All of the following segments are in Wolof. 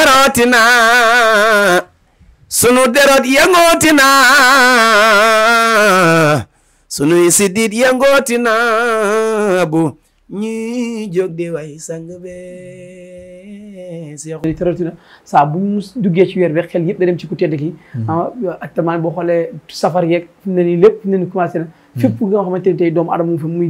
erootina sunu derot yangootina sunuy siddiit yangootina bu ñuy jóg di way sang bee seexu tëratina saa bu mu duggee ci weer bi xel yëpp da dem ci ku tedd ki hmm. ah, actuellement boo xoolee safar yeeg fi mu ne nii lépp fi mu ne nii commencé na hmm. fépp nga xamante ni tey doomu aadama mu fa hmm.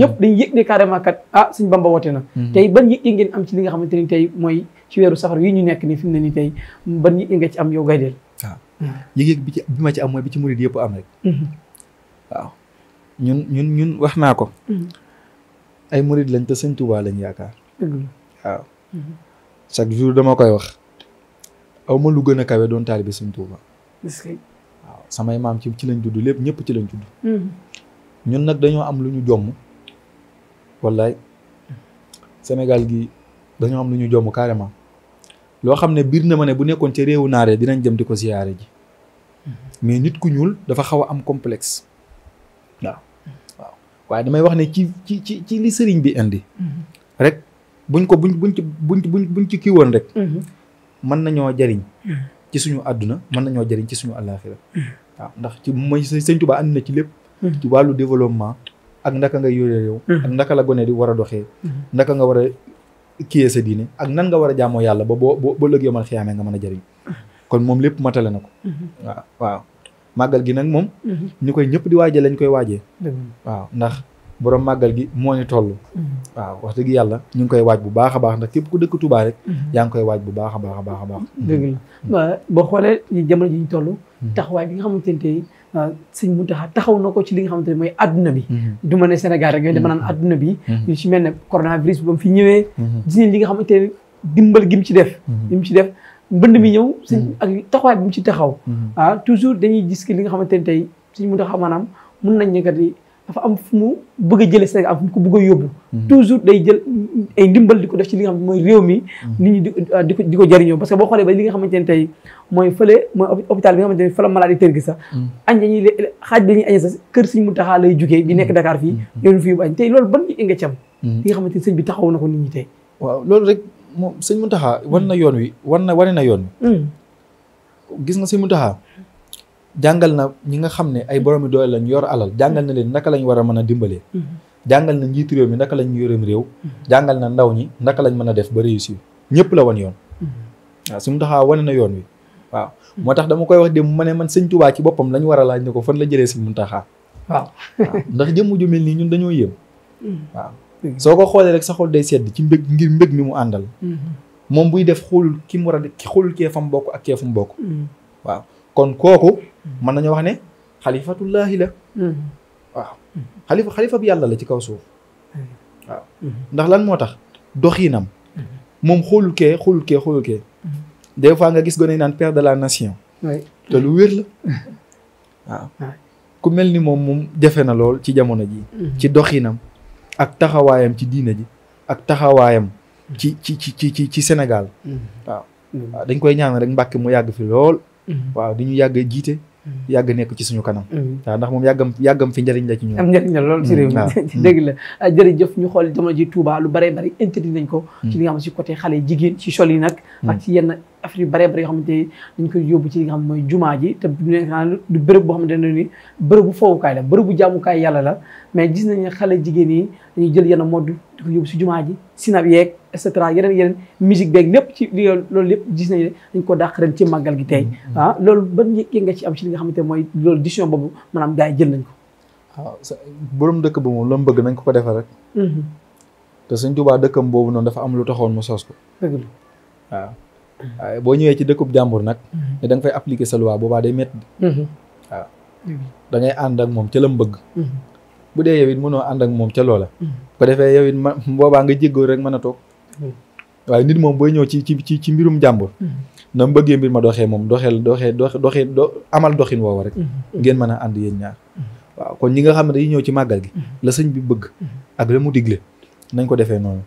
ñëpp dañu yëg ne carrément kat ah suñ na tey ban yëg yi ngeen am ci li nga xamante ni tey mooy ci weeru safar yi ñu nekk nii fi mu ne nii tey ban yëg yi nga ci am yow gaydeel waaw ah. yëg-yëg bi ma ci am mooy bi ci murid yëpp am rek waaw ñun ñun wax naa ko ay morit lañ te sëñ Touba lañ yaakaar. waaw mhm. chaque jour dama koy wax aw ma lu gën a kawe doon taalibe sëñ Touba. waaw samay maam ci ci lañ judd lépp ñëpp ci lañ judd. Mhm. ñun nag dañoo am lu ñu jomm wallaay Sénégal gi dañoo am lu ñu jomm carrément loo xam ne biir na ma ne bu nekkoon ca réewu naaree dinañ jëm di ko siyaare ji mhm. mais nit ku ñuul dafa xaw a am complex waaw. waaye damay wax ne ci ci ci ci li sëriñ bi indi. Mhm. rek buñ ko buñ buñ ci buñ buñ ci kii woon rek. man mhm. nañoo jariñ. Mhm. ci suñu àdduna mën nañoo jariñ ci suñu àllaaxira waaw ndax ci mooy sëñ Tuubaa ànd na ci lépp. ci wàllu développement ak ndaka ngay yore yow. ak ndaka la gone di war a doxee. ndaka nga war a kiyee sa diine ak nan nga war a jaamoo yàlla ba boo boo lëggee yomal xiyaamee nga mën a jariñ kon moom lépp matale na ko. waaw. màggal gi nag moom. Mhm. ñu koy ñëpp di waajee lañ koy waajee. waaw ndax borom màggal gi moo ni toll. Mhm. waaw wax dëgg yàlla ñu koy waaj bu baax a baax ndax képp ku dëkk Touba rek. Mhm. yaa ngi koy waaj bu baax a baax a baax a baax. dëgg la boo xoolee ñu jamono ji ñu toll. taxawaay bi nga xamante ne ah, sëñ Mountakha taxaw na ko ci li nga xamante ne mooy adduna bi du ma ne Sénégal rek yooyu dama naan adduna bi bi ba mu fi ñëwee gis nañ li nga xamante mbënd mi ñëw mm-hmm. sëñ ak taxawaay bi mu ci taxaw mm-hmm. ah toujours dañuy gis ki li nga xamante ne tey sëñ mu taxaw maanaam mun nañ ne kat yi dafa am fu mu bëgg a jëlee Sénégal am fu mu ko bëgg a yóbbu mm-hmm. toujours day jël ay ndimbal di ko def ci li nga xam mooy réew mi nit ñi ah, di ko di ko jëriñoo boo xoolee ba li nga xamante ne tey mooy fële mooy hôpital bi nga xamante ne fële maladie tër gi sax añ dañuy xaaj dañuy añee sax kër sëñ mun taxaa lay jugee bi nekk Dakar fii fi yóbbu añ loolu ban ñu inga cam li nga xamante ne sëñ bi taxaw na ko ni ñi tey moom sëñ Mountakha hmm. wan na yoon wi wan na wane na yoon wi. Hmm. gis nga sëñ taxa jàngal na ñi nga xam ne ay boromi doole lañ yor alal jàngal na leen naka lañ war a mën a dimbalee. Hmm. jàngal na njiitu réew mi naka lañ yoreem réew. jàngal na ndaw ñi naka lañ mën a def ba réussir ñëpp la wan yoon. waaw sëñ Mountakha wane na yoon wi waaw. moo tax dama koy wax dem ma ne man sëñ Touba ci boppam lañ war a laaj ne ko fan la jëlee sëñ Mountakha. waaw ndax jëmm ju mel nii ñun dañoo yéem soo ko xoolee rek sa xool day sedd ci mbëg ngir mbëg mi mu àndal mhm. moom buy def xoolul ki mu war a def xoolul kee fam bokk ak kee fu mu bokk mhm. waaw kon kooku mhm. mën nañoo wax ne xalifatullaahi la waaw xalifa xalifa bi yàlla la ci kaw suuf waaw ndax lan moo tax doxiinam moom xoolul kee xoolul kee xoolul kee des fois nga gis gone naan père de la nation te lu wér la waaw ku mel ni moom moom jafe na lool ci jamono ji ci doxiinam ak taxawaayam ci diina ji ak taxawaayam ci ci ci ci ci Sénégal mm-hmm. waaw waaw koy ñaan rek Mbàkke mu yàgg fi lool mm-hmm. waaw di ñu yàgg jiite mm-hmm. yàgg nekk ci suñu kanam waaw ndax moom yàggam yàggam fi njëriñ la ci ñun am njëriñ la lool ci réew mi dégg la ah, ñu xool jamono ji Touba lu bare bari interdit ko ci li nga xam si côté xale jigéen ci sol yi nag ak ci yenn affaire yu bare bare yoo xam ni dañ koy yóbbu ci li nga xam mooy jumaa ji te du nekk du bërëb boo xamante ne ni bërëbu foowukaay la bërëbu jaamukaay yàlla la mais gis nañu xale jigéen yi dañuy jël yenn modd di ko yóbbu si jumaa ji sinab yeeg et cetera yeneen yeneen musique beeg lépp ci li lépp gis nañu dañ ko dàq ren ci màggal gi tey mm-hmm. ah loolu ban yëg nga ci am ci li nga xamante mooy loolu décision boobu maanaam gars yi jël nañ ko waaw ah, borom dëkk ba moom la nañ ko ko defee rek mm-hmm. te Sëñ Tuubaa dëkkam boobu noonu dafa am lu taxoon mu sos ko Mm-hmm. waaye boo ñëwee ci dëkkub jàmbur nag. ne mm-hmm. da nga fay appliquer sa loi boobaa day métti. Mm-hmm. waaw da ànd ak moom ca la mu bëgg. bu dee yow it mënoo ànd ak moom ca loola. ko defee yow it ma boobaa nga jéggoo rek mën a toog. waaye nit moom booy ñëw ci ci ci mbirum jàmbur. na mu bëggee mbir ma doxee moom doxeel doxee doxee do amal doxin woowa rek. ngeen mën a ànd yéen ñaar. waaw kon ñi nga xam ne dañuy ñëw ci màggal gi. la sëñ bi bëgg. ak la mu digle nañ ko defee noonu.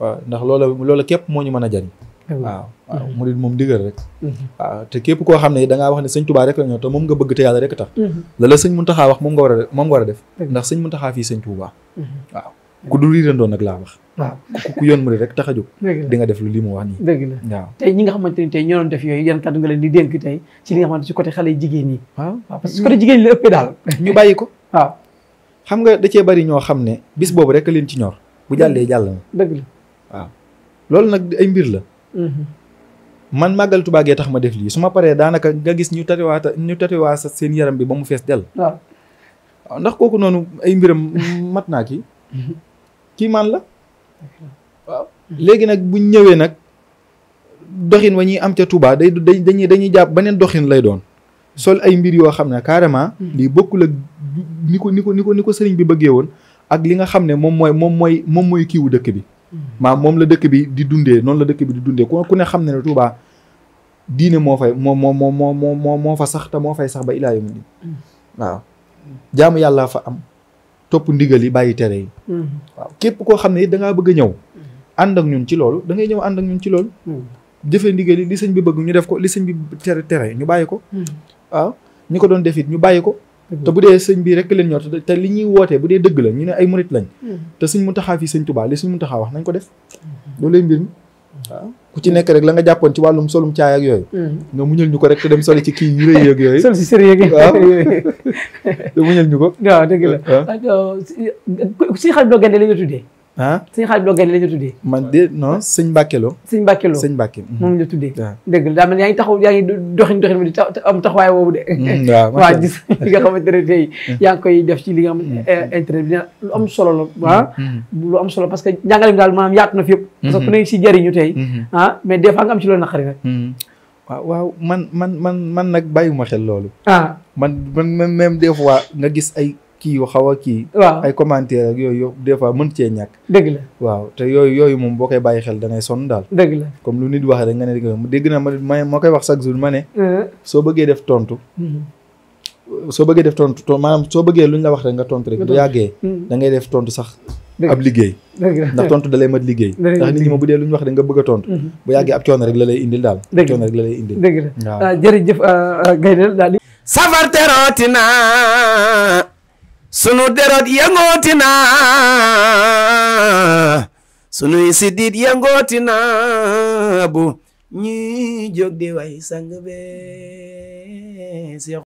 waaw ndax loola loola moo ñu mën a jariñ waaw waaw mm-hmm. murid moom digal rek mm-hmm. te képp koo xam ne da wax ne sañ Tuubaa rek la moom nga bëgg te yàlla rek tax mm-hmm. la la sëñ Muntaxaa wax moom nga war a a def ndax sëñ Muntaxaa fii sëñ Tuubaa ku dul riirandoon nag laa wax waaw ku yoon murid rek tax a jóg di nga def lu li mu wax nii dëgg waaw tey ñi nga xamante ni tey ñoo doon def yooyu yan kàddu nga leen di dénk tey ci li nga xamante ci côté xale jigéen ñi ñu bàyyi ko xam nga da cee bari ñoo xam ne bis boobu rek leen ci ñor bu jàllee jàll na dëgg la loolu nag ay mbir la Mm-hmm. man màggal Tuubaa gee tax ma def lii su ma paree daanaka nga gis ñu tatiwaata ñu tatiwaa sa seen yaram bi ba mu fees dell waaw ndax kooku noonu ay mbiram mat naa kii kii man la léegi nag buñ ñëwee nag doxin wa ñuy am ca tubaa day dañuy dañuy jàpp beneen doxin lay doon sol ay mbir yoo xam ne carrément mm-hmm. lii bokkul ak ni ko ni ko ni ko ni ko sëriñ bi bëggee woon ak li nga xam ne mooy moom mooy moom mooy kiiwu dëkk bi maam moom la dëkk bi di dundee noonu la dëkk bi di dundee ku ne xam ne ne Touba diine moo fay moo moo moo moo moo moo moo fa sax te moo fay sax ba ilaa mu din mm. waaw jaamu yàlla fa am topp ndigal yi bàyyi tere yi mm. waaw képp koo xam ne it dangaa bëgg a ñëw mm. ànd ak ñun ci loolu da ngay ñëw ànd ak ñun ci loolu jëfee ndigal yi li sëñ bi bëgg ñu def ko li sëñ bi tere tere ñu bàyyi ko waaw ñi ko doon def ñu bàyyi ko te bu dee sëñ bi rek leen ñor te li ñuy wootee bu dee dëgg la ñu ne ay murit lañ hmm. te suñ Muntaxa fii sëñ Tuubaa li suñ Muntaxa wax nañ ko def hmm. loolu mbir mi waaw ku ci nekk rek la nga jàppoon ci wàllum solum caay ak yooyu hmm. nga muñal ñu ko rek te dem soli ci kii yu rëy yooyu sol si sër yeeg waaw te muñal ñu ko waaw dëgg la si xarit doo gende la ñu tuddee ah sëñ xaalis Blok Gaynde lañ la tuddee. man de non sëñ Mbàkke Lo. sëñ Mbàkke Lo sëñ Mbàkke. moom la tuddee. waaw dëgg la daa mel yaa yaa ngi doxin doxin bi di am taxawaay boobu de. Mm, mm. yaa ngi koy def ci li nga xam mm. eh, eh, internet bi lu am solo la ah. lu am solo parce que njàngale mi daal maanaam yaatu na fi yëpp. Mm-hmm. parce que ku ne si jëriñu mm-hmm. ah, mais des fois am ci loolu naqari waaw man man man man nag bàyyiwuma xel loolu. ah man man même des fois nga gis ay. kii yu a kii. waaw ay commentaire ak yooyu des fois mën cee ñàkk. dëgg la yooyu moom boo koy bàyyi xel da ngay sonn daal. dëgg la comme lu nit wax rek nga ne dégg na ma ma koy ma euh. soo bëggee def tontu. Mhm. soo bëggee def to maanaam soo bëggee luñ la wax rek nga tontu rek bu mhm. da ngay def tontu sax. ab liggéey ndax tontu da lay mat liggéey ndax nit ñi ma bu dee lu wax da nga bëgg a tontu mhm. bu yàggee ab coono rek la lay indil daal coono rek la lay indil sunu derot yëngooti na sunuy sidit yëngooti na bu ñi jóg di way sang be